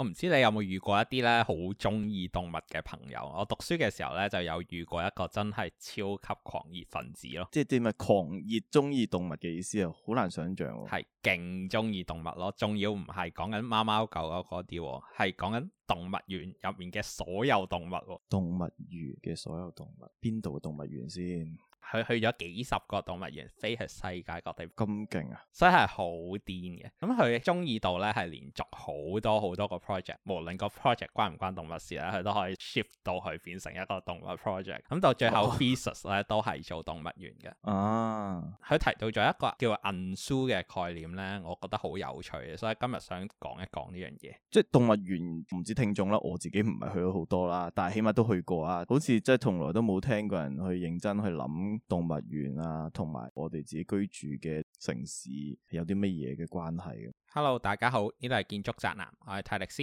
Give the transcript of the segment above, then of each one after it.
我唔知你有冇遇過一啲咧，好中意動物嘅朋友。我讀書嘅時候咧，就有遇過一個真係超級狂熱分子咯。即係啲咩狂熱中意動物嘅意思啊？好難想象。係勁中意動物咯，仲要唔係講緊貓貓狗狗嗰啲，係講緊動物園入面嘅所、所有動物。動物園嘅所有動物，邊度嘅動物園先？佢去咗幾十個動物園，飛去世界各地，咁勁啊！所以係好癲嘅。咁佢中意到咧，係連續好多好多個 project，無論個 project 關唔關動物事咧，佢都可以 shift 到去變成一個動物 project。咁到最後 b i s i、哦、s s 咧都係做動物園嘅。啊，佢提到咗一個叫銀書嘅概念咧，我覺得好有趣，所以今日想講一講呢樣嘢。即係動物園，唔知聽眾啦，我自己唔係去咗好多啦，但係起碼都去過啊。好似即係從來都冇聽過人去認真去諗。動物園啊，同埋我哋自己居住嘅城市有啲乜嘢嘅關係啊？Hello，大家好，呢度係建築宅男，我係泰力斯，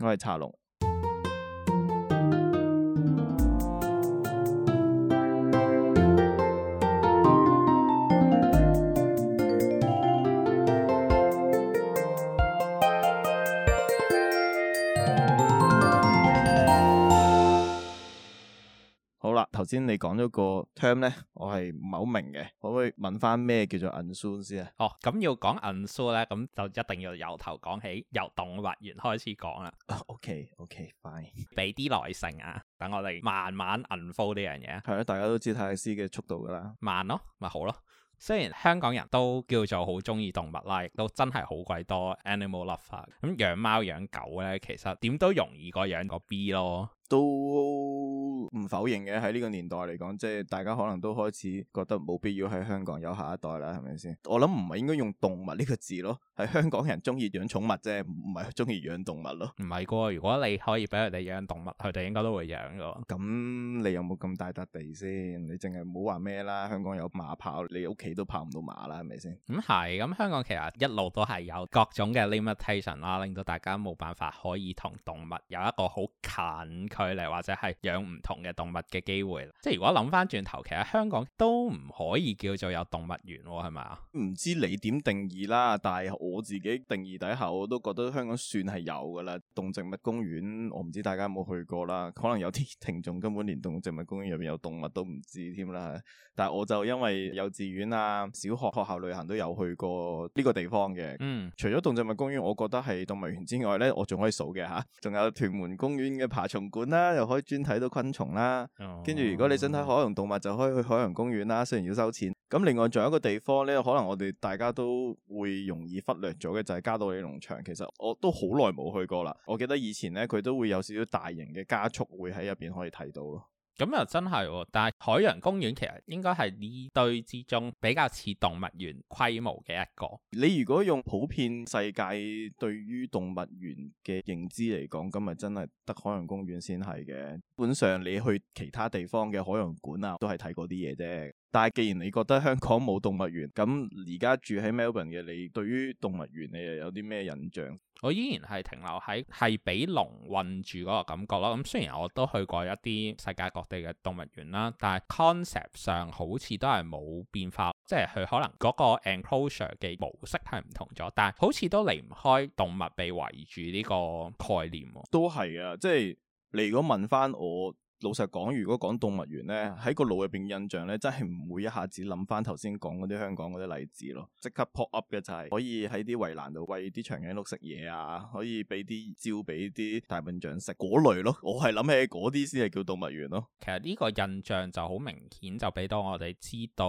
我係茶龍。先你講咗個 term 咧，我係唔係好明嘅，可唔可以問翻咩叫做 enclosure 先啊？哦，咁要講 enclosure 咧，咁就一定要由頭講起，由動物園開始講啦。Oh, OK，OK，Fine，okay, okay, 俾啲耐性啊，等我哋慢慢 enclose 呢樣嘢。係啊，大家都知泰斯嘅速度噶啦，慢咯咪好咯。雖然香港人都叫做好中意動物啦，亦都真係好鬼多 animal lover。咁養貓養狗咧，其實點都容易過養個 B 咯。都唔否認嘅，喺呢個年代嚟講，即係大家可能都開始覺得冇必要喺香港有下一代啦，係咪先？我諗唔係應該用動物呢個字咯，係香港人中意養寵物啫，唔係中意養動物咯。唔係喎，如果你可以俾佢哋養動物，佢哋應該都會養㗎喎。咁你有冇咁大笪地先？你淨係冇話咩啦？香港有馬跑，你屋企都跑唔到馬啦，係咪先？咁係、嗯，咁香港其實一路都係有各種嘅 limitation 啦，令到大家冇辦法可以同動物有一個好近。距離或者係養唔同嘅動物嘅機會，即係如果諗翻轉頭，其實香港都唔可以叫做有動物園喎、哦，係咪啊？唔知你點定義啦，但係我自己定義底下，我都覺得香港算係有㗎啦。動植物公園，我唔知大家有冇去過啦，可能有啲聽眾根本連動植物公園入面有動物都唔知添啦。但係我就因為幼稚園啊、小學學校旅行都有去過呢個地方嘅。嗯。除咗動植物公園，我覺得係動物園之外呢，我仲可以數嘅吓，仲、啊、有屯門公園嘅爬蟲館。啦，又可以專睇到昆蟲啦，跟住，哦，如果你想睇海洋動物，就可以去海洋公園啦，雖然要收錢。咁另外仲有一個地方呢，可能我哋大家都會容易忽略咗嘅，就係、是、嘉道理農場。其實我都好耐冇去過啦，我記得以前呢，佢都會有少少大型嘅家畜會喺入邊可以睇到咯。咁又真係喎，啊，但係海洋公園其實應該係呢堆之中比較似動物園規模嘅一個。你如果用普遍世界對於動物園嘅認知嚟講，咁咪真係得海洋公園先係嘅。基本上你去其他地方嘅海洋館啊，都係睇嗰啲嘢啫。但係，既然你覺得香港冇動物園，咁而家住喺 Melbourne 嘅你，對於動物園你又有啲咩印象？我依然係停留喺係俾籠困住嗰個感覺咯。咁、嗯、雖然我都去過一啲世界各地嘅動物園啦，但係 concept 上好似都係冇變化，即係佢可能嗰個 enclosure 嘅模式係唔同咗，但係好似都離唔開動物被圍住呢個概念。都係嘅，即係你如果問翻我。老實講，如果講動物園咧，喺個腦入邊印象咧，真係唔會一下子諗翻頭先講嗰啲香港嗰啲例子咯。即刻 pop up 嘅就係、是、可以喺啲圍欄度餵啲長頸鹿食嘢啊，可以俾啲蕉、俾啲大笨象食嗰類咯。我係諗起嗰啲先係叫動物園咯。其實呢個印象就好明顯，就俾到我哋知道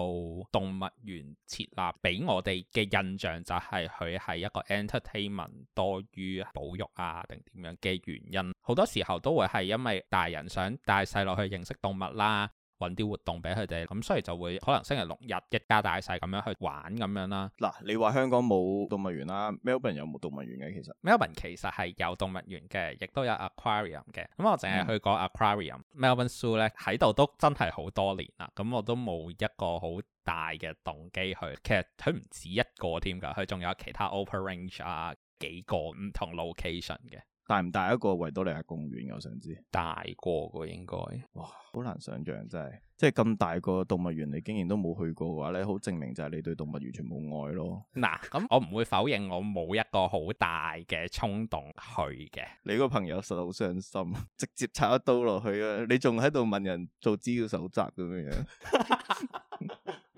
動物園設立俾我哋嘅印象就係佢係一個 entertainment 多於保育啊，定點樣嘅原因。好多時候都會係因為大人想帶大細落去認識動物啦，揾啲活動俾佢哋，咁所以就會可能星期六日一家大細咁樣去玩咁樣啦。嗱，你話香港冇動物園啦，Melbourne 有冇動物園嘅？其實 Melbourne 其實係有動物園嘅，亦都有 Aquarium 嘅。咁我淨係去過 Aquarium，Melbourne、嗯、Zoo 咧喺度都真係好多年啦。咁我都冇一個好大嘅動機去。其實佢唔止一個添噶，佢仲有其他 Open Range 啊，幾個唔同 location 嘅。大唔大一個維多利亞公園？我想知大過嘅應該哇，好難想像，真係即係咁大個動物園，你竟然都冇去過嘅話咧，好證明就係你對動物完全冇愛咯。嗱，咁、嗯、 我唔會否認我冇一個好大嘅衝動去嘅。 你個朋友實好傷心，直接插一刀落去啊！你仲喺度問人做資料蒐集咁樣樣。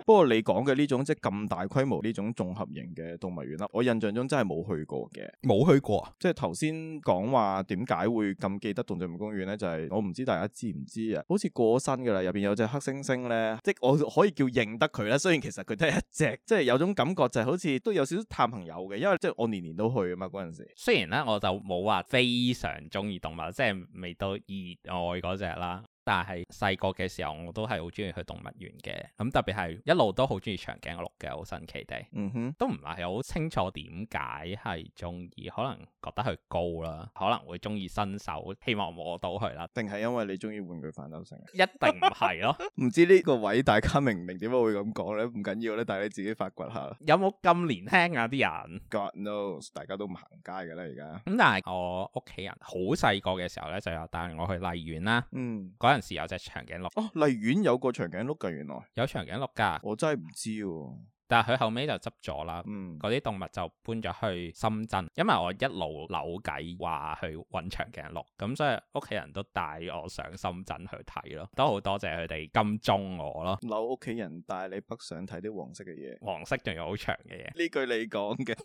不過你講嘅呢種即係咁大規模呢種綜合型嘅動物園啦，我印象中真係冇去過嘅，冇去過啊！即係頭先講話點解會咁記得動植物公園呢？就係我唔知大家知唔知啊？好似過身㗎啦，入邊有隻黑猩猩呢，即係我可以叫認得佢啦。雖然其實佢都係一隻，即係有種感覺就係好似都有少少探朋友嘅，因為即係我年年都去啊嘛嗰陣時。雖然呢，我就冇話非常中意動物，即係未到熱愛嗰隻啦。但係細個嘅時候，我都係好中意去動物園嘅，咁、嗯、特別係一路都好中意長頸鹿嘅，好神奇地。嗯哼，都唔係好清楚點解係中意，可能覺得佢高啦，可能會中意伸手，希望摸到佢啦。定係因為你中意玩具反斗城？一定唔係咯。唔 知呢個位大家明唔明點解會咁講咧？唔緊要咧，但係你自己發掘下。有冇咁年輕啊？啲人 God knows 大家都唔行街嘅啦，而家。咁但係我屋企人好細個嘅時候咧，就有帶我去荔園啦。嗯，時有隻長頸鹿哦，荔園有個長頸鹿噶，原來有長頸鹿噶，我真係唔知啊。但係佢後尾就執咗啦，嗰啲，嗯，動物就搬咗去深圳。因為我一路扭計話去搵長頸鹿，咁所以屋企人都帶我上深圳去睇咯，都好多謝佢哋金蹤我咯。扭屋企人帶你北上睇啲黃色嘅嘢，黃色仲有好長嘅嘢。呢句你講嘅，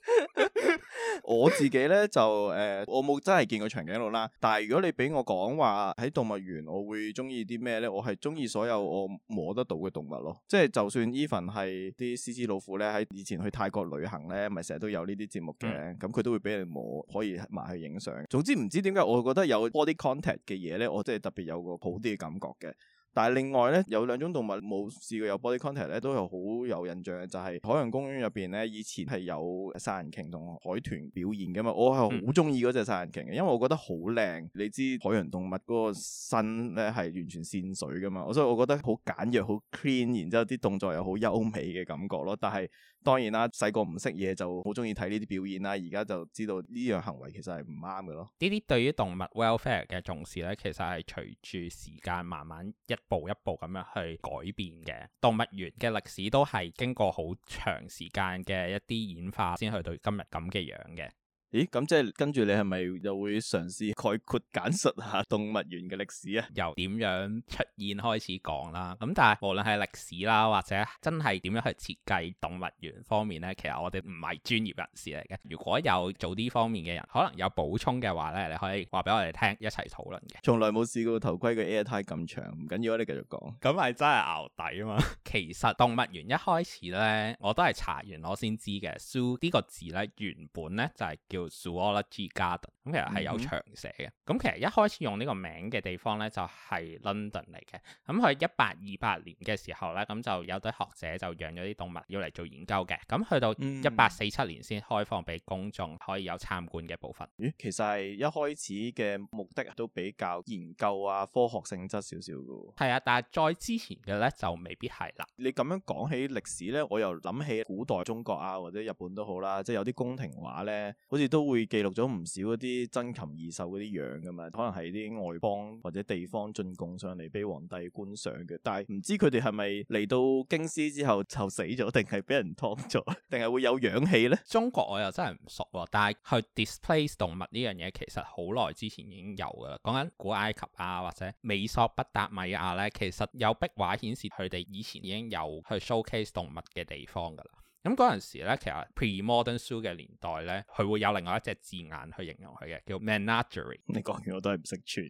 我自己咧就誒，呃，我冇真係見過長頸鹿啦。但係如果你俾我講話喺動物園，我會中意啲咩咧？我係中意所有我摸得到嘅動物咯，即係就算 even 係啲獅子。C L L 老夫咧喺以前去泰國旅行咧，咪成日都有呢啲節目嘅，咁佢、嗯、都會俾你摸，可以埋去影相。總之唔知點解，我覺得有 body contact 嘅嘢咧，我真係特別有個好啲嘅感覺嘅。但係另外咧，有兩種動物冇試過有 body contact 咧，都有好有印象嘅，就係海洋公園入邊咧，以前係有殺人鯨同海豚表演嘅嘛。我係好中意嗰隻殺人鯨嘅，因為我覺得好靚。你知海洋動物嗰個身咧係完全線水嘅嘛，所以我覺得好簡約、好 clean，然之後啲動作又好優美嘅感覺咯。但係當然啦，細個唔識嘢就好中意睇呢啲表演啦，而家就知道呢樣行為其實係唔啱嘅咯。呢啲對於動物 welfare 嘅重視咧，其實係隨住時間慢慢一步一步咁樣去改變嘅。動物園嘅歷史都係經過好長時間嘅一啲演化，先去到今日咁嘅樣嘅。咦，咁即係跟住你係咪又會嘗試概括簡述下動物園嘅歷史啊？由點樣出現開始講啦。咁但係無論係歷史啦，或者真係點樣去設計動物園方面咧，其實我哋唔係專業人士嚟嘅。如果有做呢方面嘅人，可能有補充嘅話咧，你可以話俾我哋聽，一齊討論嘅。從來冇試過頭盔嘅 air tie 咁長，唔緊要，你繼續講。咁係真係牛底啊嘛。 其實動物園一開始咧，我都係查完我先知嘅。so 呢個字咧原本咧就係叫 Garden 咁，其實係有長寫嘅。咁、嗯嗯、其實一開始用呢個名嘅地方咧，就係、是、London 嚟嘅。咁佢一八二八年嘅時候咧，咁就有堆學者就養咗啲動物要嚟做研究嘅。咁去到一八四七年先開放俾公眾、嗯、可以有參觀嘅部分。咦，其實係一開始嘅目的都比較研究啊，科學性質少少嘅喎。係啊，但係再之前嘅咧就未必係啦。你咁樣講起歷史咧，我又諗起古代中國啊，或者日本都好啦，即係有啲宮廷畫咧，好似～都會記錄咗唔少嗰啲珍禽異獸嗰啲樣噶嘛，可能係啲外邦或者地方進貢上嚟俾皇帝觀賞嘅，但係唔知佢哋係咪嚟到京師之後就死咗，定係俾人劏咗，定係會有養起呢？中國我又真係唔熟喎，但係去 display 動物呢樣嘢其實好耐之前已經有噶啦，講緊古埃及啊或者美索不達米亞呢，其實有壁畫顯示佢哋以前已經有去 showcase 動物嘅地方噶啦。咁嗰陣時咧，其實 pre-modern era、si、嘅年代咧，佢會有另外一隻字眼去形容佢嘅叫 menagerie。你講完我都係唔識串，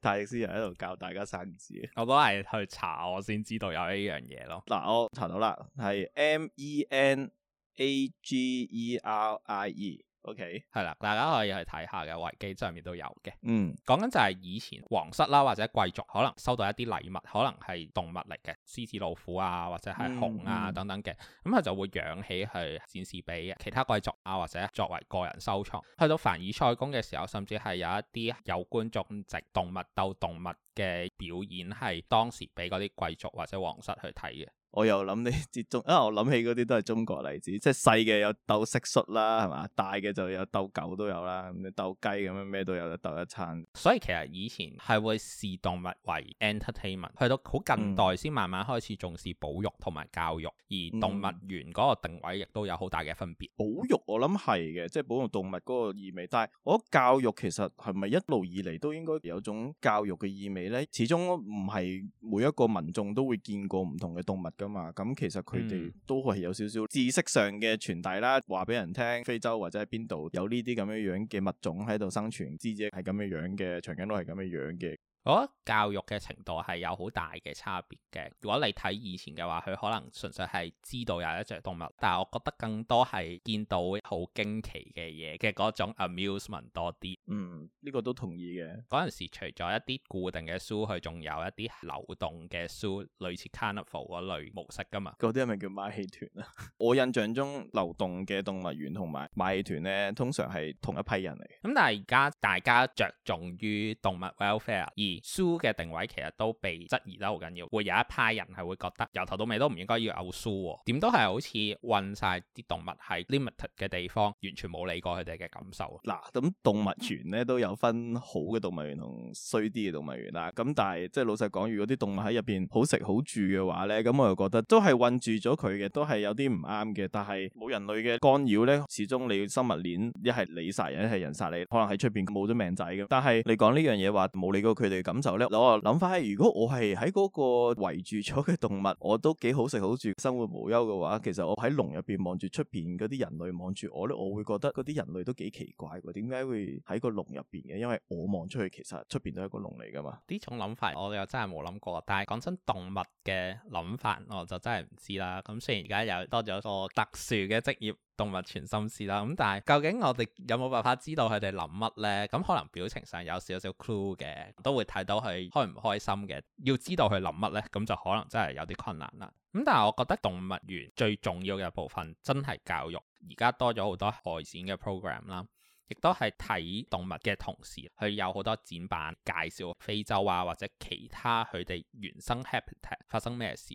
大迪先生喺度教大家生字，我都係去查我先知道有呢樣嘢咯。嗱，我查到啦，係 m-e-n-a-g-e-r-i-e。E N A G e R I e OK，係啦，大家可以去睇下嘅維基上面都有嘅。嗯，講緊就係以前皇室啦、啊、或者貴族可能收到一啲禮物，可能係動物嚟嘅，獅子、老虎啊或者係熊啊等等嘅，咁、嗯、佢、嗯嗯嗯、就會養起去展示俾其他貴族啊或者作為個人收藏。去到凡爾賽宮嘅時候，甚至係有一啲有觀眾席動物鬥動物嘅表演，係當時俾嗰啲貴族或者皇室去睇嘅。我又諗你接觸啊，我諗起嗰啲都係中國例子，即係細嘅有鬥蟋蟀啦，係嘛？大嘅就有鬥狗都有啦，鬥雞咁樣咩都有得鬥一餐。所以其實以前係會視動物為 entertainment，去到好近代先慢慢開始重視保育同埋教育，嗯、而動物園嗰個定位亦都有好大嘅分別，嗯嗯。保育我諗係嘅，即係保育動物嗰個意味，但係我覺得教育其實係咪一路以嚟都應該有種教育嘅意味咧？始終唔係每一個民眾都會見過唔同嘅動物。咁、嗯、其實，佢哋都係有少少知識上嘅傳遞啦，話俾人聽非洲或者喺邊度有呢啲咁樣樣嘅物種喺度生存，獅子係咁樣樣嘅，長頸鹿係咁樣樣嘅。我覺得教育嘅程度係有好大嘅差別嘅。如果你睇以前嘅話，佢可能純粹係知道有一隻動物，但係我覺得更多係見到好驚奇嘅嘢嘅嗰種 amusement 多啲。嗯，呢、呢個都同意嘅。嗰陣時除咗一啲固定嘅 show，佢仲有一啲流動嘅 show，類似 carnival 嗰類模式㗎嘛。嗰啲係咪叫馬戲團啊？ 我印象中流動嘅動物園同埋馬戲團呢，通常係同一批人嚟。咁、嗯、但係而家大家着重於動物 welfare 而 zoo 嘅定位其實都被質疑得好緊要，會有一派人係會覺得由頭到尾都唔應該要有 zoo 喎，點都係好似韞晒啲動物喺 limit 嘅地方，完全冇理過佢哋嘅感受。嗱，咁動物園咧都有分好嘅動物園同衰啲嘅動物園啦。咁但係即係老實講，如果啲動物喺入邊好食好住嘅話咧，咁我又覺得都係韞住咗佢嘅，都係有啲唔啱嘅。但係冇人類嘅干擾咧，始終你要生物鏈，一係你殺人，一係人殺你，可能喺出邊冇咗命仔嘅。但係你講呢樣嘢話冇理過佢哋。感受咧，我諗翻，如果我係喺嗰個圍住咗嘅動物，我都幾好食好住，生活無憂嘅話，其實我喺籠入邊望住出邊嗰啲人類望住我咧，我會覺得嗰啲人類都幾奇怪，點解會喺個籠入邊嘅？因為我望出去，其實出邊都係一個籠嚟噶嘛。呢種諗法，我又真係冇諗過。但係講真，動物嘅諗法，我就真係唔知啦。咁雖然而家有多咗個特殊嘅職業。動物全心思啦，咁但係究竟我哋有冇辦法知道佢哋諗乜呢？咁可能表情上有少少 clue 嘅，都會睇到佢開唔開心嘅。要知道佢諗乜呢，咁就可能真係有啲困難啦。咁但係我覺得動物園最重要嘅部分，真係教育。而家多咗好多外展嘅 program 啦，亦都係睇動物嘅同時，去有好多展板介紹非洲啊，或者其他佢哋原生 habitat 發生咩事。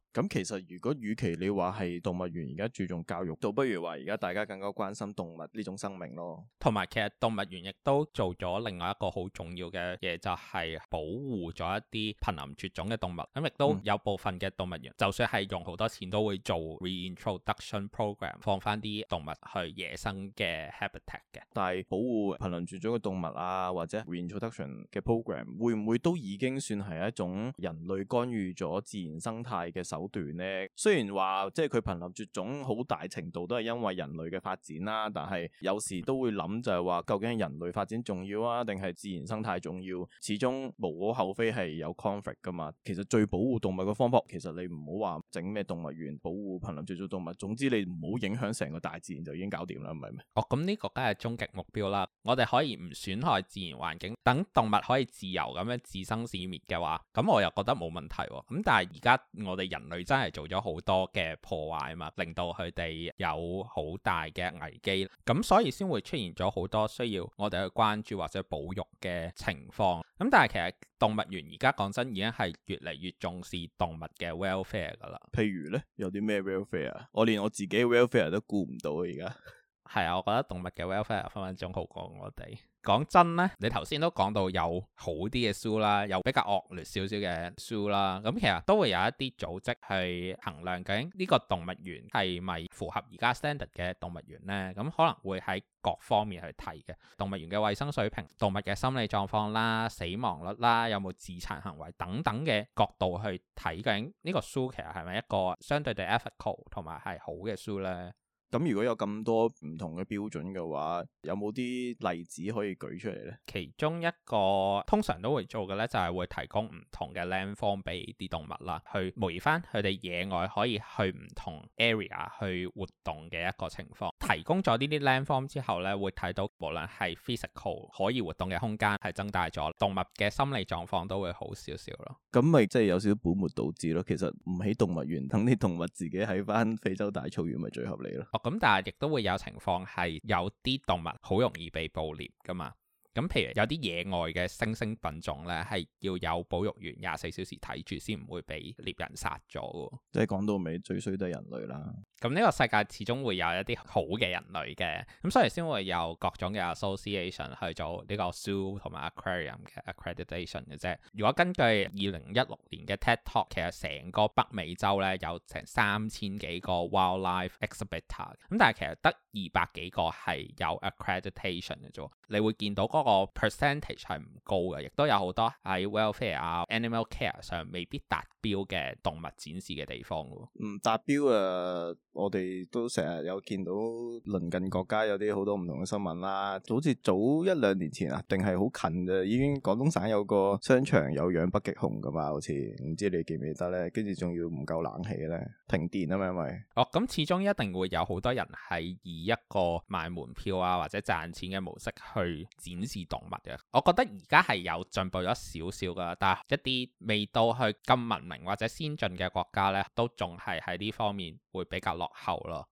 咁其實如果與其你話係動物園而家注重教育，倒不如話而家大家更加關心動物呢種生命咯。同埋其實動物園亦都做咗另外一個好重要嘅嘢，就係保護咗一啲瀕臨絕種嘅動物。咁亦都有部分嘅動物園，嗯、就算係用好多錢都會做 reintroduction program 放翻啲動物去野生嘅 habitat 嘅。但係保護瀕臨絕種嘅動物啊，或者 reintroduction 嘅 program 會唔會都已經算係一種人類干預咗自然生態嘅手？好短咧，雖然話即係佢瀕臨絕種，好大程度都係因為人類嘅發展啦。但係有時都會諗就係話，究竟係人類發展重要啊，定係自然生態重要？始終無可厚非係有 conflict 噶嘛。其實最保護動物嘅方法，其實你唔好話整咩動物園保護瀕臨絕種動物，總之你唔好影響成個大自然就已經搞掂啦，唔係咩？哦，咁、嗯、呢、這個梗係終極目標啦，我哋可以唔損害自然環境，等動物可以自由咁樣自生自滅嘅話，咁我又覺得冇問題、哦。咁但係而家我哋人。佢真係做咗好多嘅破壞嘛，令到佢哋有好大嘅危機，咁所以先會出現咗好多需要我哋去關注或者保育嘅情況。咁但係其實動物園而家講真，已經係越嚟越重視動物嘅 welfare 噶啦。譬如呢，有啲咩 welfare？我連我自己 welfare 都估唔到。而家係啊，我覺得動物嘅 welfare 分分鐘好過我哋。講真咧，你頭先都講到有好啲嘅 zoo 啦，有比較惡劣少少嘅 zoo 啦，咁其實都會有一啲組織去衡量究竟呢個動物園係咪符合而家 standard 嘅動物園咧，咁可能會喺各方面去睇嘅動物園嘅衛生水平、動物嘅心理狀況啦、死亡率啦、有冇自殘行為等等嘅角度去睇緊呢個 zoo，其實係咪一個相對嘅 ethical 同埋係好嘅 zoo 咧？咁如果有咁多唔同嘅標準嘅話，有冇啲例子可以舉出嚟咧？其中一個通常都會做嘅咧，就係會提供唔同嘅 land 方俾啲動物啦，去模擬翻佢哋野外可以去唔同 area 去活動嘅一個情況。提供咗呢啲 landform 之後咧，會睇到無論係 physical 可以活動嘅空間係增大咗，動物嘅心理狀況都會好少少咯。咁咪即係有少少本末倒置咯。其實唔喺動物園等啲動物自己喺翻非洲大草原咪最合理咯。哦，咁但係亦都會有情況，係有啲動物好容易被捕獵噶嘛。咁譬如有啲野外嘅猩猩品種咧，係要有保育員廿四小時睇住先唔會俾獵人殺咗。即係講到尾，最衰都係人類啦。咁呢個世界始終會有一啲好嘅人類嘅，咁所以先會有各種嘅 association 去做呢個 zoo 同埋 aquarium 嘅 accreditation 嘅啫。如果根據二零一六年嘅 TED Talk，其實成個北美洲咧有成三千幾個 wildlife exhibitor，咁但係其實得二百幾個係有 accreditation 嘅啫。你會見到、個個 percentage 係唔高嘅，亦都有好多喺 welfare 啊、animal care 上未必達標嘅動物展示嘅地方喎。唔達標啊！我哋都成日有見到鄰近國家有啲好多唔同嘅新聞啦、啊，好似早一兩年前啊，定係好近嘅已經廣東省有個商場有養北極熊噶嘛，好似唔知你記唔記得咧？跟住仲要唔夠冷氣咧，停電啊嘛，因為哦，咁始終一定會有好多人係以一個賣門票啊或者賺錢嘅模式去展示。展示動物嘅，我覺得而家係有進步咗少少噶，但係一啲未到去咁文明或者先進嘅國家咧，都仲係喺呢方面會比較落後咯。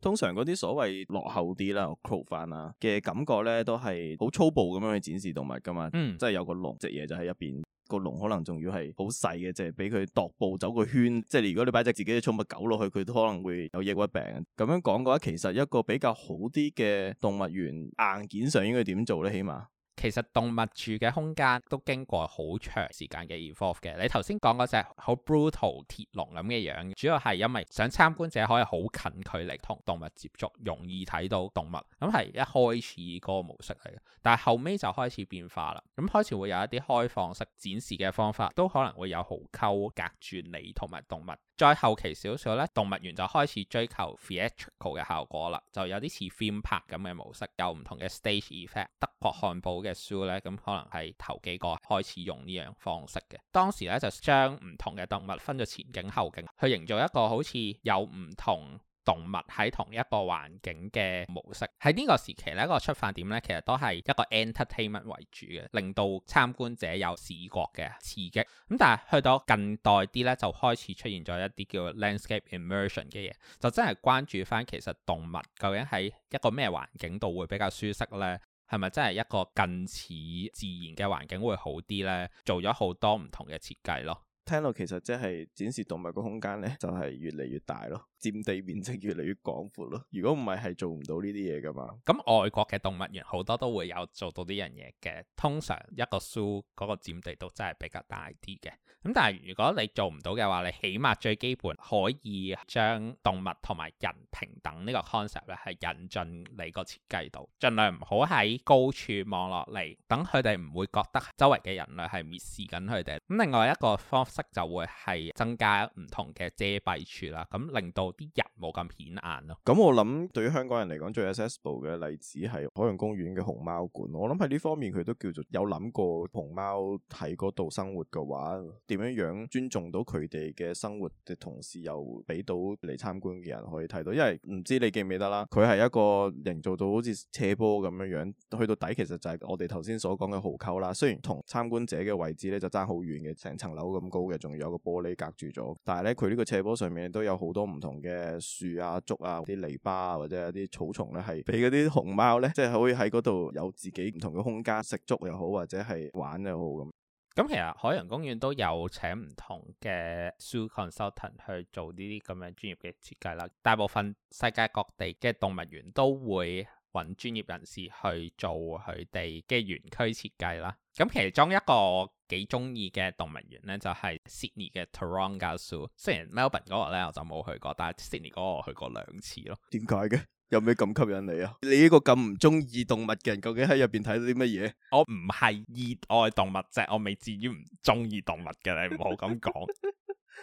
通常嗰啲所謂落後啲啦，culture 翻啊嘅感覺咧，都係好粗暴咁樣去展示動物噶嘛，嗯，即係有個籠，隻嘢就喺一邊。個籠可能仲要係好細嘅，即係畀佢踱步走個圈。即係如果你擺隻自己嘅寵物狗落去，佢都可能會有抑鬱病。咁樣講嘅話，其實一個比較好啲嘅動物園硬件上應該點做咧？起碼。其實動物住嘅空間都經過好長時間嘅 evolve 嘅。你頭先講嗰隻好 brutal 鐵籠咁嘅樣，主要係因為想參觀者可以好近距離同動物接觸，容易睇到動物。咁係一開始嗰個模式嚟嘅，但係後尾就開始變化啦。咁開始會有一啲開放式展示嘅方法，都可能會有壕溝隔住你同埋動物。再後期少少咧，動物園就開始追求 theatrical 嘅效果啦，就有啲似 film 拍咁嘅模式，有唔同嘅 stage effect。德國漢堡嘅 show 咧，咁可能係頭幾個開始用呢樣方式嘅。當時咧就將唔同嘅動物分咗前景後景，去營造一個好似有唔同動物喺同一個環境嘅模式，喺呢個時期咧個出發點咧，其實都係一個 entertainment 為主嘅，令到參觀者有視覺嘅刺激。咁但係去到近代啲咧，就開始出現咗一啲叫 landscape immersion 嘅嘢，就真係關注返其實動物究竟喺一個咩環境度會比較舒適咧？係咪真係一個近似自然嘅環境會好啲咧？做咗好多唔同嘅設計咯。聽到其實即係展示動物個空間咧，就係越嚟越大咯，佔地面積越嚟越廣闊咯。如果唔係係做唔到呢啲嘢噶嘛，咁外國嘅動物園好多都會有做到呢樣嘢嘅。通常一個 show 嗰個佔地都真係比較大啲嘅。咁但係如果你做唔到嘅話，你起碼最基本可以將動物同埋人平等呢個 concept 咧係引進你個設計度，盡量唔好喺高處望落嚟，等佢哋唔會覺得周圍嘅人類係蔑視緊佢哋。咁另外一個方法。色就會係增加唔同嘅遮蔽處啦，咁令到啲人冇咁顯眼咯。咁我諗對於香港人嚟講最 accessible 嘅例子係海洋公園嘅熊貓館，我諗喺呢方面佢都叫做有諗過熊貓喺嗰度生活嘅話，點樣樣尊重到佢哋嘅生活嘅同時又俾到嚟參觀嘅人可以睇到。因為唔知你記唔記得啦，佢係一個營造到好似斜坡咁樣樣，去到底其實就係我哋頭先所講嘅壕溝啦。雖然同參觀者嘅位置咧就爭好遠嘅，成層樓咁高。嘅，仲有個玻璃隔住咗。但係咧，佢呢個斜坡上面都有好多唔同嘅樹啊、竹啊、啲泥巴、啊、或者一啲草叢咧，係俾嗰啲熊貓咧，即係可以喺嗰度有自己唔同嘅空間食竹又好，或者係玩又好咁。咁其實海洋公園都有請唔同嘅 suite consultant 去做呢啲咁樣專業嘅設計啦。大部分世界各地嘅動物園都會。搵專業人士去做佢哋嘅園區設計啦。咁其中一個幾中意嘅動物園咧，就係 Sydney 嘅 Taronga Zoo。雖然 Melbourne 嗰個咧我就冇去過，但係 Sydney 嗰個我去過兩次咯。點解嘅？有咩咁吸引你啊？你呢個咁唔中意動物嘅人，究竟喺入邊睇到啲乜嘢？我唔係熱愛動物啫，我未至於唔中意動物嘅，你唔好咁講。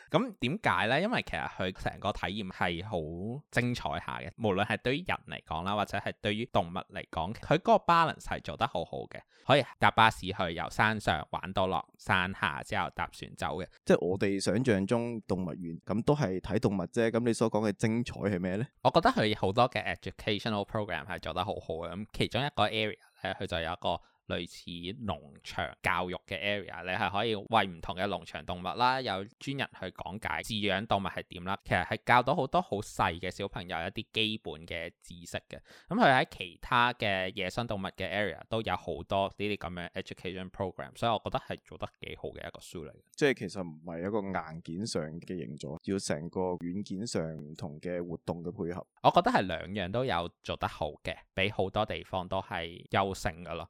咁點解咧？因為其實佢成個體驗係好精彩下嘅，無論係對於人嚟講啦，或者係對於動物嚟講，佢嗰個 balance 係做得好好嘅，可以搭巴士去由山上玩到落山下之後搭船走嘅。即係我哋想象中動物園咁都係睇動物啫，咁你所講嘅精彩係咩咧？我覺得佢好多嘅 educational program 係做得好好嘅，咁其中一個 area 咧，佢就有一個。類似農場教育嘅 area，你係可以餵唔同嘅農場動物啦，有專人去講解飼養動物係點啦。其實係教到好多好細嘅小朋友一啲基本嘅知識嘅。咁佢喺其他嘅野生動物嘅 area 都有好多呢啲咁樣 education program，所以我覺得係做得幾好嘅一個書嚟嘅。即係其實唔係一個硬件上嘅營造，要成個軟件上唔同嘅活動嘅配合。我覺得係兩樣都有做得好嘅，比好多地方都係優勝㗎咯。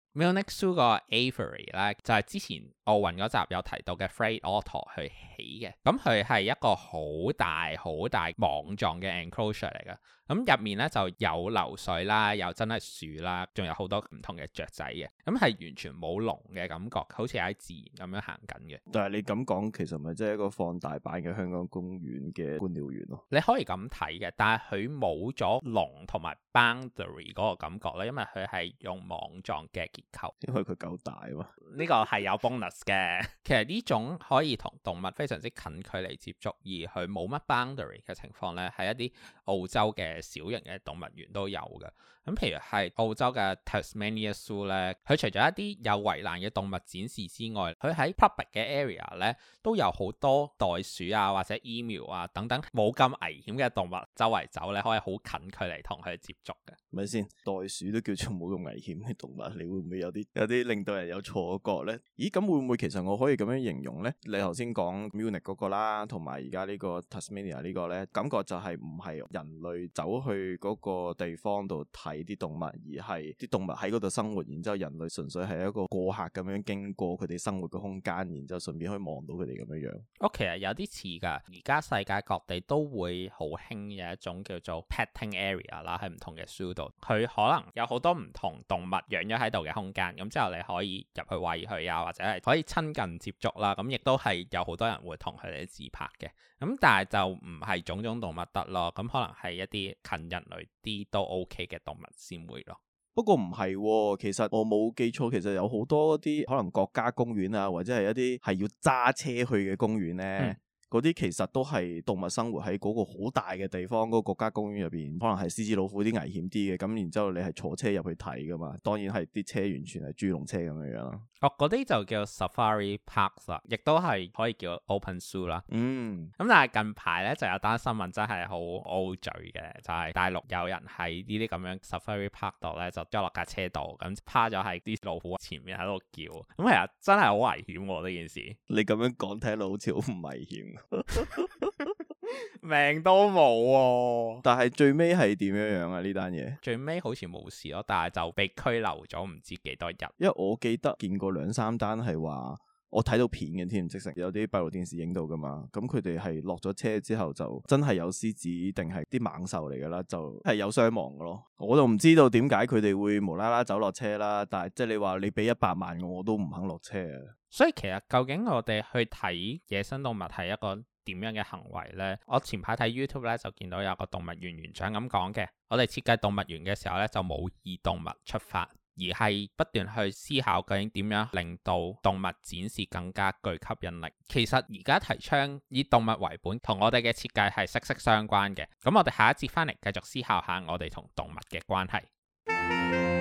Munich Zoo 個 Aviary 咧，very, 就係之前奧運嗰集有提到嘅 Frei Otto 去起嘅，咁佢係一個好大好大網狀嘅 enclosure 嚟㗎，咁、嗯、入面咧就有流水啦，有真係樹啦，仲有好多唔同嘅雀仔嘅，咁、嗯、係完全冇籠嘅感覺，好似喺自然咁樣行緊嘅。但係你咁講，其實咪即係一個放大版嘅香港公園嘅觀鳥園咯？你可以咁睇嘅，但係佢冇咗籠同埋 boundary 嗰個感覺咧，因為佢係用網狀嘅。因為佢夠大嘛，呢個係有 bonus 嘅。 其實呢種可以同動物非常之近距離接觸，而佢冇乜 boundary 嘅情況咧，係一啲澳洲嘅小型嘅動物園都有嘅。咁譬如係澳洲嘅 Tasmania Zoo 咧，佢除咗一啲有圍欄嘅動物展示之外，佢喺 public 嘅 area 咧都有好多袋鼠啊或者 emu 啊等等冇咁危險嘅動物周圍走咧，可以好近距離同佢接觸嘅，咪先？袋鼠都叫做冇咁危險嘅動物，你會？會有啲有啲令到人有錯覺咧？咦，咁會唔會其實我可以咁樣形容咧？你頭先講 Munich 嗰個啦，同埋而家呢個 Tasmania 呢個咧，感覺就係唔係人類走去嗰個地方度睇啲動物，而係啲動物喺嗰度生活，然之後人類純粹係一個過客咁樣經過佢哋生活嘅空間，然之後順便可以望到佢哋咁樣樣。哦、okay，其實有啲似㗎。而家世界各地都會好興嘅一種叫做 petting area 啦，喺唔同嘅書度，佢可能有好多唔同動物養咗喺度嘅。空間，咁之後你可以入去餵佢啊，或者係可以親近接觸啦。咁亦都係有好多人會同佢哋自拍嘅。咁但係就唔係種種動物得咯。咁可能係一啲近人類啲都 OK 嘅動物先會咯。不過唔係，哦，其實我冇記錯，其實有好多啲可能國家公園啊，或者係一啲係要揸車去嘅公園呢。嗯嗰啲其實都係動物生活喺嗰個好大嘅地方，嗰、嗰個國家公園入邊，可能係獅子老虎啲危險啲嘅。咁然之後你係坐車入去睇㗎嘛，當然係啲車完全係豬籠車咁樣樣啦。哦，嗰啲就叫 safari park 啦，亦都係可以叫 open zoo 啦、嗯就是。嗯，咁但係近排咧就有單新聞真係好 O 嘴嘅，就係大陸有人喺呢啲咁樣 safari park 度咧就掉落架車度咁趴咗喺啲老虎前面喺度叫，咁、嗯、其實真啊真係好危險喎呢件事。你咁樣講睇落好似好唔危險。 命都冇，哦、但係最尾係點樣樣啊？呢單嘢最尾好似冇事咯，但係就被拘留咗唔知幾多日。因為我記得見過兩三單係話，我睇到片嘅添，即成，有啲閉路電視影到噶嘛。咁佢哋係落咗車之後就真係有獅子定係啲猛獸嚟噶啦，就係、是、有傷亡噶咯。我就唔知道點解佢哋會無啦啦走落車啦。但係即係你話你俾一百萬我，我都唔肯落車啊。所以其實究竟我哋去睇野生動物係一個點樣嘅行為呢？我前排睇 YouTube 咧，就見到有個動物園園長咁講嘅，我哋設計動物園嘅時候咧，就冇以動物出發，而係不斷去思考究竟點樣令到動物展示更加具吸引力。其實而家提倡以動物為本，同我哋嘅設計係息息相關嘅。咁我哋下一節翻嚟繼續思考下我哋同動物嘅關係。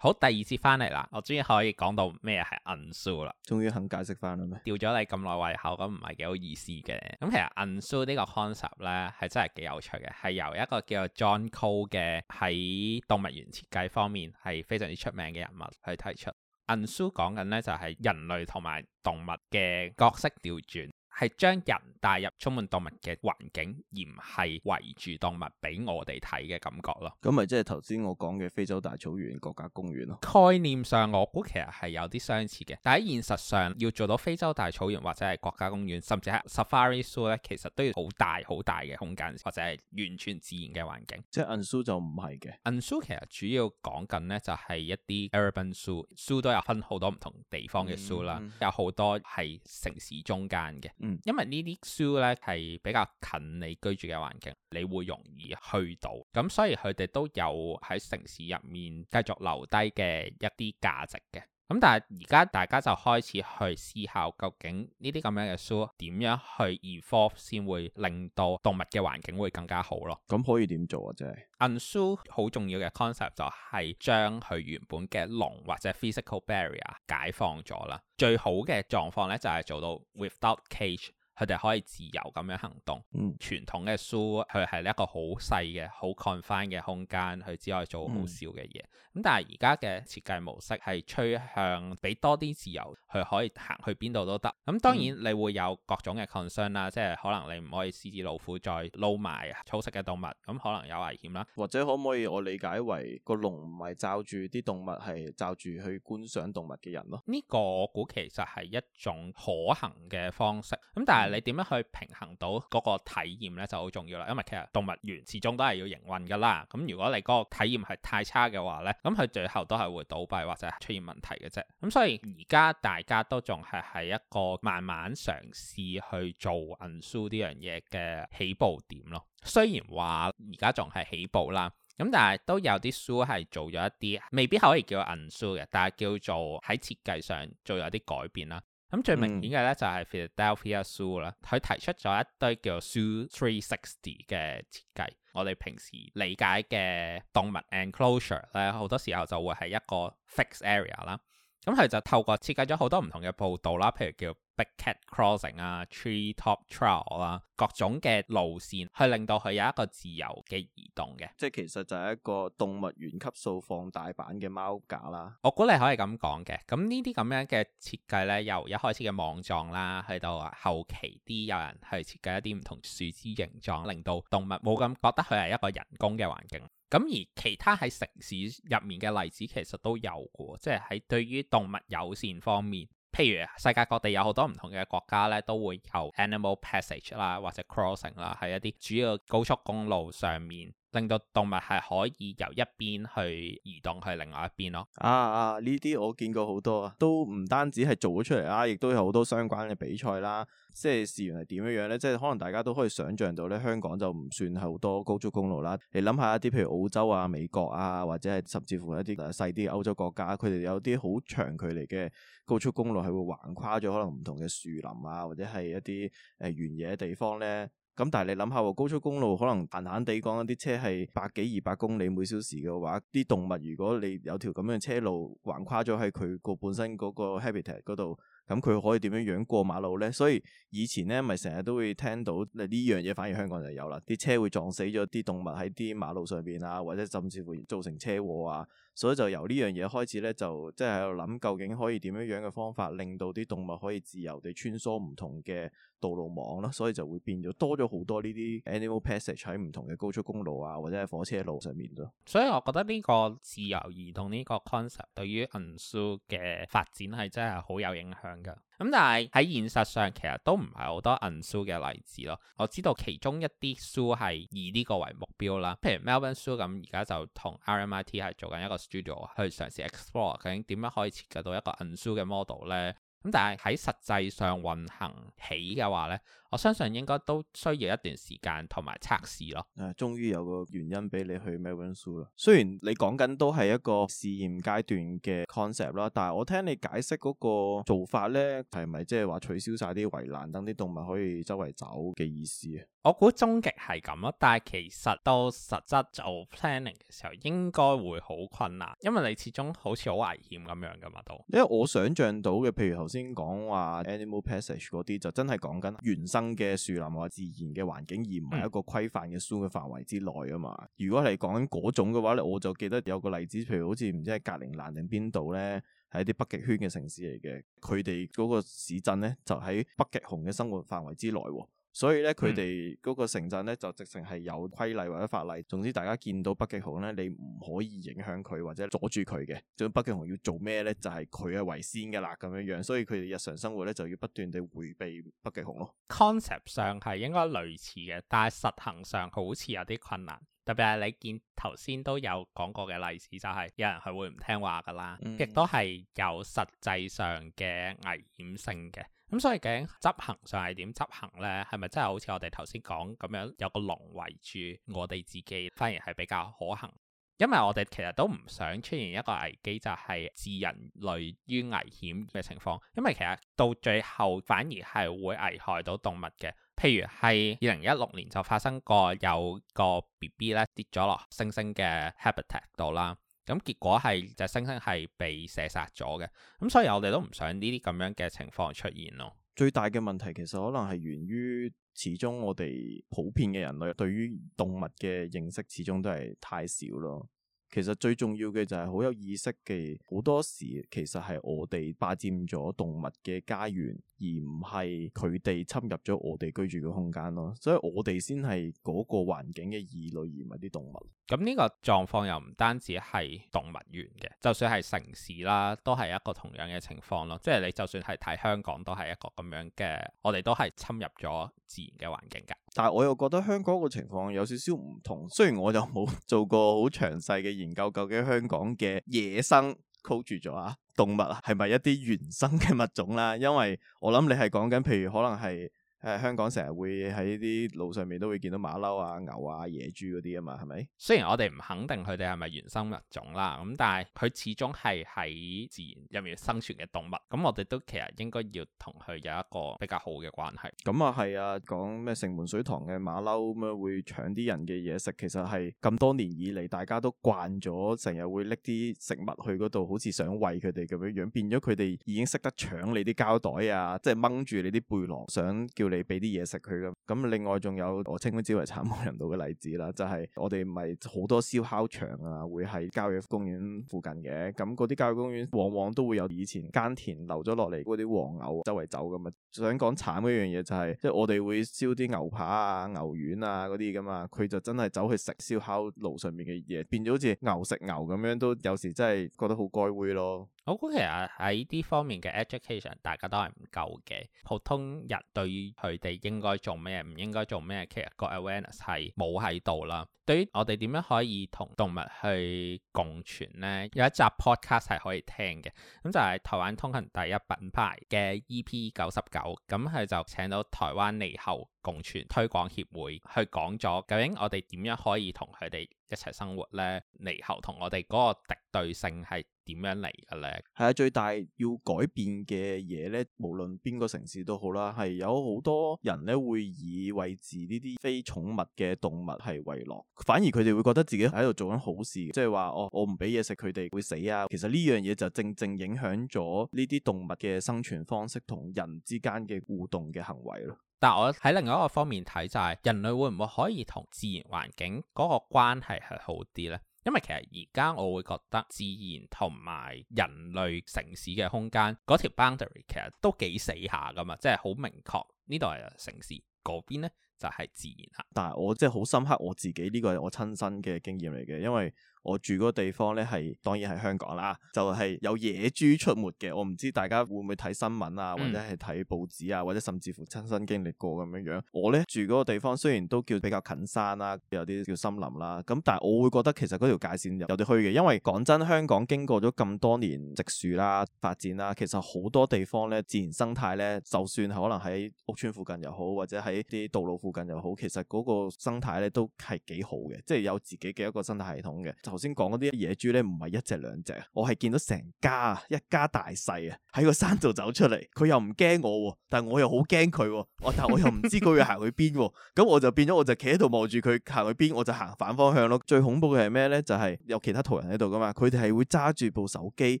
好，第二次翻嚟啦，我終於可以講到咩係 UNZOO 啦。終於肯解釋翻啦咩？吊咗你咁耐胃口，咁唔係幾好意思嘅。咁其實 UNZOO 呢個 concept 咧，係真係幾有趣嘅，係由一個叫做 John Cole 嘅喺動物園設計方面係非常之出名嘅人物去提出。UNZOO 講緊咧就係人類同埋動物嘅角色調轉。係將人帶入充滿動物嘅環境，而唔係圍住動物俾我哋睇嘅感覺咯。咁咪即係頭先我講嘅非洲大草原國家公園咯。概念上，我估其實係有啲相似嘅，但喺現實上要做到非洲大草原或者係國家公園，甚至係 Safari Zoo 咧，其實都要好大好大嘅空間，或者係完全自然嘅環境。即係 unzoo 就唔係嘅 unzoo。其實主要講緊咧就係一啲 urban zoo，zoo zoo 都有分好多唔同地方嘅 zoo 啦，嗯，有好多係城市中間嘅。嗯，因為呢啲 zoo 咧，係比較近你居住嘅環境，你會容易去到，咁所以佢哋都有喺城市入面繼續留低嘅一啲價值嘅。咁但係而家大家就開始去思考，究竟呢啲咁樣嘅 zoo 點樣去 refurb 先會令到動物嘅環境會更加好咯？咁可以點做啊？即係 unzoo 好重要嘅 concept 就係將佢原本嘅籠或者 physical barrier 解放咗啦。最好嘅狀況咧就係做到 without cage。佢哋可以自由咁樣行動，傳、嗯、統嘅 show，佢係一個好細嘅、好 confine 嘅空間，佢只可以做好少嘅嘢。咁、嗯、但係而家嘅設計模式係趨向俾多啲自由，佢可以去行去邊度都得。咁、嗯嗯、當然你會有各種嘅 concern 啦，即係可能你唔可以獅子老虎再撈埋草食嘅動物，咁、嗯、可能有危險啦。或者可唔可以我理解為個籠唔係罩住啲動物，係罩住去觀賞動物嘅人咯？呢個我估其實係一種可行嘅方式。咁、嗯、但係。你點樣去平衡到嗰個體驗咧就好重要啦，因為其實動物園始終都係要營運噶啦。咁如果你嗰個體驗係太差嘅話咧，咁佢最後都係會倒閉或者出現問題嘅啫。咁所以而家大家都仲係喺一個慢慢嘗試去做 UNZOO 呢樣嘢嘅起步點咯。雖然話而家仲係起步啦，咁但係都有啲 show 係做咗一啲未必可以叫 UNZOO 嘅，但係叫做喺設計上做咗啲改變啦。咁最明顯嘅咧就係 Philadelphia Zoo 啦、嗯，佢提出咗一堆叫做 Zoo 360嘅設計。我哋平時理解嘅動物 enclosure 咧，好多時候就會係一個 fixed area 啦。咁佢就透過設計咗好多唔同嘅步道啦，譬如叫 Big Cat Crossing 啊、Tree Top Trail 啊，各種嘅路線去令到佢有一個自由嘅移動嘅，即係其實就係一個動物園級數放大版嘅貓架啦。我估你可以咁講嘅。咁呢啲咁樣嘅設計咧，由一開始嘅網狀啦，去到後期啲有人去設計一啲唔同樹枝形狀，令到動物冇咁覺得佢係一個人工嘅環境。咁而其他喺城市入面嘅例子其實都有嘅，即係喺對於動物友善方面，譬如世界各地有好多唔同嘅國家咧，都會有 animal passage 啦，或者 crossing 啦，喺一啲主要高速公路上面，令到動物係可以由一邊去移動去另外一邊咯啊。啊啊！呢啲我見過好多啊，都唔單止係做咗出嚟啊，亦都有好多相關嘅比賽啦。即係事緣係點樣樣咧？即係可能大家都可以想象到咧，香港就唔算係好多高速公路啦。你諗下一啲譬如澳洲啊、美國啊，或者係甚至乎一啲細啲嘅歐洲國家，佢哋有啲好長距離嘅高速公路係會橫跨咗可能唔同嘅樹林啊，或者係一啲誒、呃、原野地方咧。咁但係你諗下喎，高速公路可能閒閒哋講，啲車係百幾二百公里每小時嘅話，啲動物如果你有條咁樣嘅車路橫跨咗喺佢個本身嗰個 habitat 嗰度，咁佢可以點樣樣過馬路呢？所以以前呢，咪成日都會聽到，你呢樣嘢反而香港就有啦，啲車會撞死咗啲動物喺啲馬路上邊啊，或者甚至乎造成車禍啊，所以就由呢樣嘢開始呢，就即係諗究竟可以點樣樣嘅方法令到啲動物可以自由地穿梭唔同嘅。道路網咯，所以就會變咗多咗好多呢啲 animal passage 喺唔同嘅高速公路啊，或者係火車路上面咯。所以我覺得呢個自由移動呢個 concept 對於 unzoo 嘅發展係真係好有影響㗎。咁、嗯、但係喺現實上，其實都唔係好多 unzoo 嘅例子咯。我知道其中一啲 unzoo 係以呢個為目標啦，譬如 Melbourne unzoo 咁，而家就同 RMIT 係做緊一個 studio 去嘗試 explore 究竟點樣可以設計到一個 unzoo 嘅 model 咧。咁但係喺實際上運行起嘅話咧。我相信應該都需要一段時間同埋測試咯。誒、啊，終於有個原因俾你去 Melbourne Zoo 啦。雖然你講緊都係一個試驗階段嘅 concept 啦，但係我聽你解釋嗰個做法咧，係咪即係話取消晒啲圍欄，等啲動物可以周圍走嘅意思啊？我估終極係咁咯，但係其實到實質做 planning 嘅時候，應該會好困難，因為你始終好似好危險咁樣噶嘛，都因為我想象到嘅，譬如頭先講話 animal passage 嗰啲，就真係講緊原生嘅樹林或自然嘅環境，而唔係一個規範嘅 zoo 嘅範圍之內啊嘛。如果係講緊嗰種嘅話咧，我就記得有個例子，譬如好似唔知喺格陵蘭定邊度咧，係一啲北極圈嘅城市嚟嘅，佢哋嗰個市鎮咧就喺北極熊嘅生活範圍之內喎。所以咧，佢哋嗰個城鎮咧就直情係有規例或者法例，總之大家見到北極熊咧，你唔可以影響佢或者阻住佢嘅。咁北極熊要做咩咧？就係佢係為先嘅啦，咁樣樣。所以佢哋日常生活咧就要不斷地迴避北極熊咯。Concept 上係應該類似嘅，但係實行上好似有啲困難。特別係你見頭先都有講過嘅例子，就係、是、有人係會唔聽話噶啦，亦、嗯、都係有實際上嘅危險性嘅。咁、嗯、所以，究竟執行上係點執行呢？係咪真係好似我哋頭先講咁樣，有個籠圍住我哋自己，反而係比較可行？因為我哋其實都唔想出現一個危機，就係置人類於危險嘅情況。因為其實到最後，反而係會危害到動物嘅。譬如係二零一六年就發生過有個 B B 咧跌咗落猩猩嘅 habitat 度啦。咁結果係隻猩猩係被射殺咗嘅，咁所以我哋都唔想呢啲咁樣嘅情況出現咯。最大嘅問題其實可能係源於始終我哋普遍嘅人類對於動物嘅認識始終都係太少咯。其實最重要嘅就係好有意識嘅，好多時其實係我哋霸佔咗動物嘅家園。而唔係佢哋侵入咗我哋居住嘅空間咯，所以我哋先係嗰個環境嘅異類，而唔係啲動物。咁呢個狀況又唔單止係動物園嘅，就算係城市啦，都係一個同樣嘅情況咯。即係你就算係睇香港，都係一個咁樣嘅，我哋都係侵入咗自然嘅環境㗎。但係我又覺得香港個情況有少少唔同，雖然我又冇做過好詳細嘅研究，究竟香港嘅野生。扣住咗啊！動物啊，係咪一啲原生嘅物種啦？因為我諗，你係講緊，譬如可能係。誒、呃、香港成日會喺啲路上面都會見到馬騮啊、牛啊、野豬嗰啲啊嘛，係咪？雖然我哋唔肯定佢哋係咪原生物種啦，咁、嗯、但係佢始終係喺自然入面生存嘅動物，咁、嗯、我哋都其實應該要同佢有一個比較好嘅關係。咁、嗯、啊係啊，講咩城門水塘嘅馬騮咁樣會搶啲人嘅嘢食，其實係咁多年以嚟大家都慣咗，成日會拎啲食物去嗰度，好似想餵佢哋咁樣樣，變咗佢哋已經識得搶你啲膠袋啊，即係掹住你啲背囊，想叫。你俾啲嘢食佢噶，咁另外仲有我稱之為慘無人道嘅例子啦，就係我哋咪好多燒烤場啊，會喺郊野公園附近嘅，咁嗰啲郊野公園往往都會有以前耕田留咗落嚟嗰啲黃牛周圍走噶嘛。想講慘嘅一樣嘢就係，即係我哋會燒啲牛扒啊、牛丸啊嗰啲噶嘛，佢就真係走去食燒烤爐上面嘅嘢，變咗好似牛食牛咁樣，都有時真係覺得好該煨咯。我估其實喺呢方面嘅 education，大家都係唔夠嘅。普通人對於佢哋應該做咩，唔應該做咩，其實個 awareness 係冇喺度啦。對於我哋點樣可以同動物去共存呢？有一集 podcast 係可以聽嘅。咁就係台灣通行第一品牌嘅 EP 九十九，咁佢就請到台灣獼猴。共存推廣協會去講咗究竟我哋點樣可以同佢哋一齊生活呢？獼猴同我哋嗰個敵對性係點樣嚟嘅咧？係啊，最大要改變嘅嘢呢，無論邊個城市都好啦，係有好多人呢會以餵飼呢啲非寵物嘅動物係為樂，反而佢哋會覺得自己喺度做緊好事，即係話哦，我唔俾嘢食佢哋會死啊！其實呢樣嘢就正正影響咗呢啲動物嘅生存方式同人之間嘅互動嘅行為咯。但我喺另外一個方面睇就係人類會唔會可以同自然環境嗰個關係係好啲呢？因為其實而家我會覺得自然同埋人類城市嘅空間嗰條 boundary 其實都幾死下噶嘛，即係好明確呢度係城市，嗰邊呢就係、是、自然啦。但係我即係好深刻我自己呢、這個係我親身嘅經驗嚟嘅，因為。我住嗰個地方咧，係當然係香港啦，就係有野豬出沒嘅。我唔知大家會唔會睇新聞啊，或者係睇報紙啊，或者甚至乎親身經歷過咁樣樣。我咧住嗰個地方雖然都叫比較近山啦，有啲叫森林啦，咁但係我會覺得其實嗰條界線有啲虛嘅，因為講真，香港經過咗咁多年植樹啦、發展啦，其實好多地方咧自然生態咧，就算可能喺屋村附近又好，或者喺啲道路附近又好，其實嗰個生態咧都係幾好嘅，即係有自己嘅一個生態系統嘅。頭先講嗰啲野豬咧，唔係一隻兩隻，我係見到成家一家大細啊，喺個山度走出嚟，佢又唔驚我，但係我又好驚佢，但係我又唔知佢要行去邊，咁、 嗯、我就變咗我就企喺度望住佢行去邊，我就行反方向咯。最恐怖嘅係咩咧？就係、是、有其他途人喺度噶嘛，佢哋係會揸住部手機，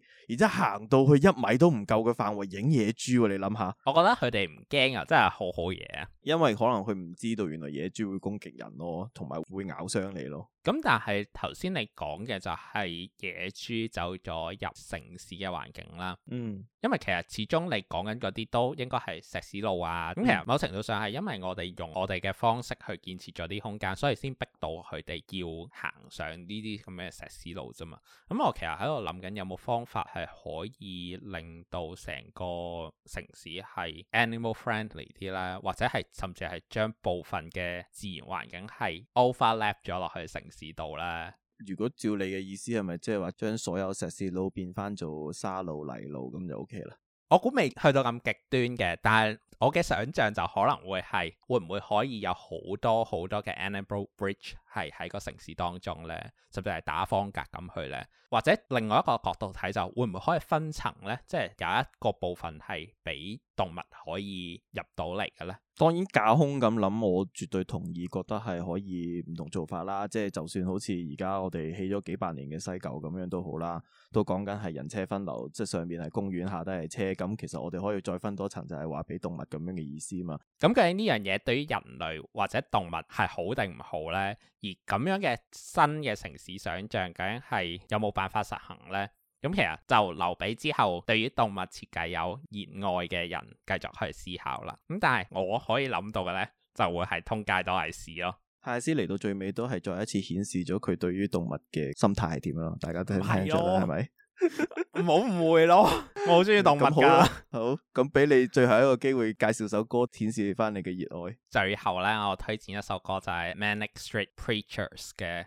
然之後行到去一米都唔夠嘅範圍影野豬，你諗下，我覺得佢哋唔驚啊，真係好好嘢啊，因為可能佢唔知道原來野豬會攻擊人咯，同埋會咬傷你咯。咁但係頭先你講嘅就係野豬走咗入城市嘅環境啦，嗯，因為其實始終你講緊啲都應該係石屎路啊。咁、嗯、其實某程度上係因為我哋用我哋嘅方式去建設咗啲空間，所以先逼到佢哋要行上呢啲咁嘅石屎路啫嘛。咁、嗯、我其實喺度諗緊有冇方法係可以令到成個城市係 animal friendly 啲啦，或者係甚至係將部分嘅自然環境係 overlap 咗落去城市。市道咧，如果照你嘅意思，係咪即係話將所有石屎路變翻做沙路泥路咁就 OK 啦？我估未去到咁極端嘅，但係我嘅想象就可能會係，會唔會可以有好多好多嘅 animal bridge 係喺個城市當中咧，甚至係打方格咁去咧？或者另外一個角度睇，就會唔會可以分層咧？即係有一個部分係俾動物可以入到嚟嘅咧？當然架空咁諗，我絕對同意，覺得係可以唔同做法啦。即係就算好似而家我哋起咗幾百年嘅西九咁樣都好啦，都講緊係人車分流，即係上面係公園，下低係車。咁其實我哋可以再分多層，就係話俾動物咁樣嘅意思嘛。咁、嗯、究竟呢樣嘢對於人類或者動物係好定唔好呢？而咁樣嘅新嘅城市想像究竟係有冇辦法實行呢？咁其實就留俾之後對於動物設計有熱愛嘅人繼續去思考啦。咁但係我可以諗到嘅咧，就會係通介到艾斯咯。艾斯嚟到最尾都係再一次顯示咗佢對於動物嘅心態係點樣咯。大家都係聽着啦，係咪、哦？好唔吧 誤會咯，我好中意動物噶、嗯。好，咁俾你最後一個機會介紹首歌，展示翻你嘅熱愛。最後咧，我推薦一首歌就係、是《Manic Street Preachers》嘅。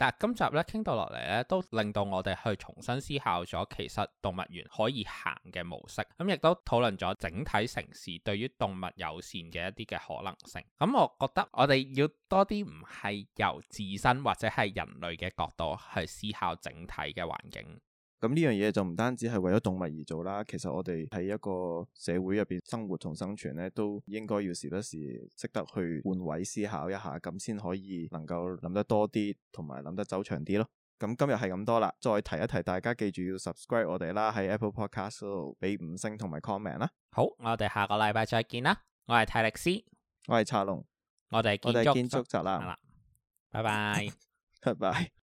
但係今集咧傾到落嚟咧，都令到我哋去重新思考咗，其實動物園可以行嘅模式，咁、嗯、亦都討論咗整體城市對於動物友善嘅一啲嘅可能性。咁、嗯、我覺得我哋要多啲唔係由自身或者係人類嘅角度去思考整體嘅環境。咁呢樣嘢就唔單止係為咗動物而做啦，其實我哋喺一個社會入邊生活同生存咧，都應該要時不時識得去換位思考一下，咁先可以能夠諗得多啲，同埋諗得走長啲咯。咁今日係咁多啦，再提一提，大家記住要 subscribe 我哋啦，喺 Apple Podcast 度俾五星同埋 comment 啦。好，我哋下個禮拜再見啦。我係泰力斯，我係查龍，我哋建築宅男啦。拜拜， 拜拜。